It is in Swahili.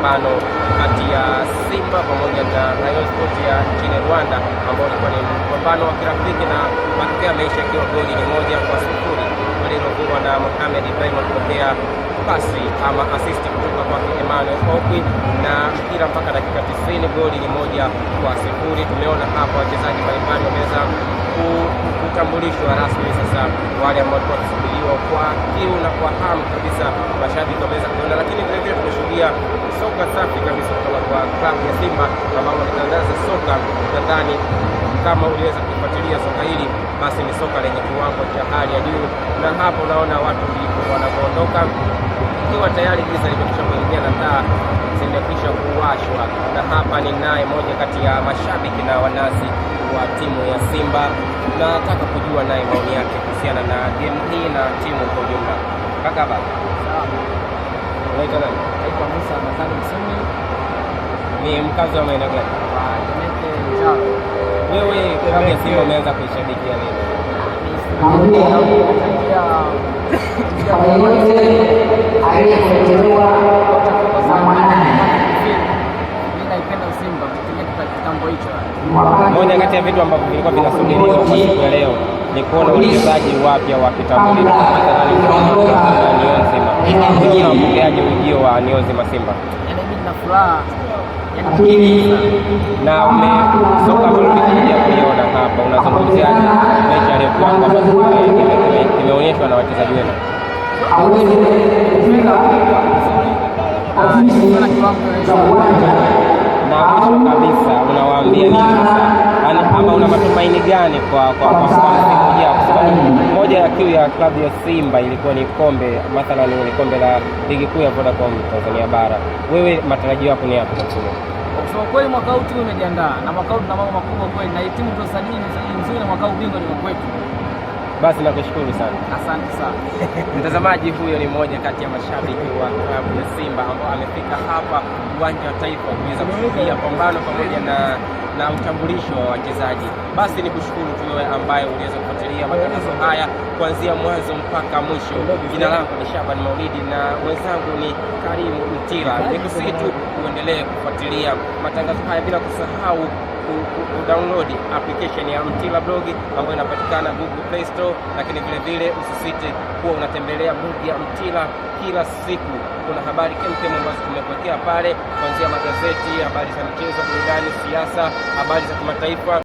mapambano kati ya Simba pamoja na Rayon Sport ya nchini Rwanda, ambao ulikuwa ni mapambano wa kirafiki na matokeo yameisha ikiwa goli ni moja kwa sifuri alilofungwa na Mohamed Ibrahim akipokea pasi ama asisti kutoka kwa Emmanuel Okwi na mpira mpaka dakika 90, goli ni moja kwa sifuri. Tumeona hapa wachezaji mbalimbali wameweza kutambulishwa rasmi sasa, wale ambao walikuwa wakisubiriwa kwa kiu na kwa hamu kabisa, mashabiki wameweza kuona, lakini vile vile tumeshuhudia soka safi kabisa kutoka kwa klabu ya Simba ambao wanatangaza soka. Nadhani kama uliweza kufuatilia soka hili, basi ni soka lenye kiwango cha hali ya juu, na hapo unaona watu ndipo wanapoondoka ikiwa tayari giza limekwisha pia na taa zimekwisha kuwashwa, na hapa ni naye moja kati ya mashabiki na wanazi wa timu ya Simba, na nataka kujua naye maoni yake kuhusiana na game hii na timu kwa ujumla. Kaka baba, unaitwa nani? Naitwa Musa Mazali Msimi. Ni mkazi wa maeneo gani? Wewe klabu ya Simba umeanza kuishabikia lini? aliyekuelewa moja kati ya vitu ambavyo vilikuwa vinasubiriwa kwa siku ya leo ni kuona wachezaji wapya wa kitambulisho Nionzima. Unapokeaje ujio wa Nionzima Simba? na umesoka kulipitia kuiona hapa, unazungumzia mechi aliyokwamba imeonyeshwa na wachezaji wenu? na mwisho kabisa unawaambia nini? ama una matumaini gani kwa kwa kwa Kwa moja ya kiu ya klabu ya Simba ilikuwa ni kombe, mathalani ni kombe la ligi kuu ya Vodacom Tanzania Bara, wewe matarajio yako ni yapi? Kwa kweli mwaka huu timu imejiandaa na mwaka huu tuna mambo makubwa kweli, na timu tuliosajili ni nzuri, na mwaka huu bingwa ni kwetu. Basi nakushukuru sana, asante sana. Mtazamaji huyo ni mmoja kati ya mashabiki wa klabu ya Simba ambao amefika hapa uwanja wa Taifa kuweza kushuhudia pambano pamoja na na utambulisho wa wachezaji. Basi ni kushukuru tu wewe ambaye uliweza kufuatilia matangazo haya kuanzia mwanzo mpaka mwisho. Jina langu ni Shaban Maulidi na mwenzangu ni Karimu Mtira. Nikusihi tu uendelee kufuatilia matangazo haya bila kusahau kudownload application ya Mtila Blog ambayo inapatikana Google Play Store, lakini vile vile usisite kuwa unatembelea blog ya Mtila kila siku. Kuna habari kemkem ambazo tumekuwekea pale, kuanzia magazeti, habari za michezo, burudani, siasa, habari za kimataifa.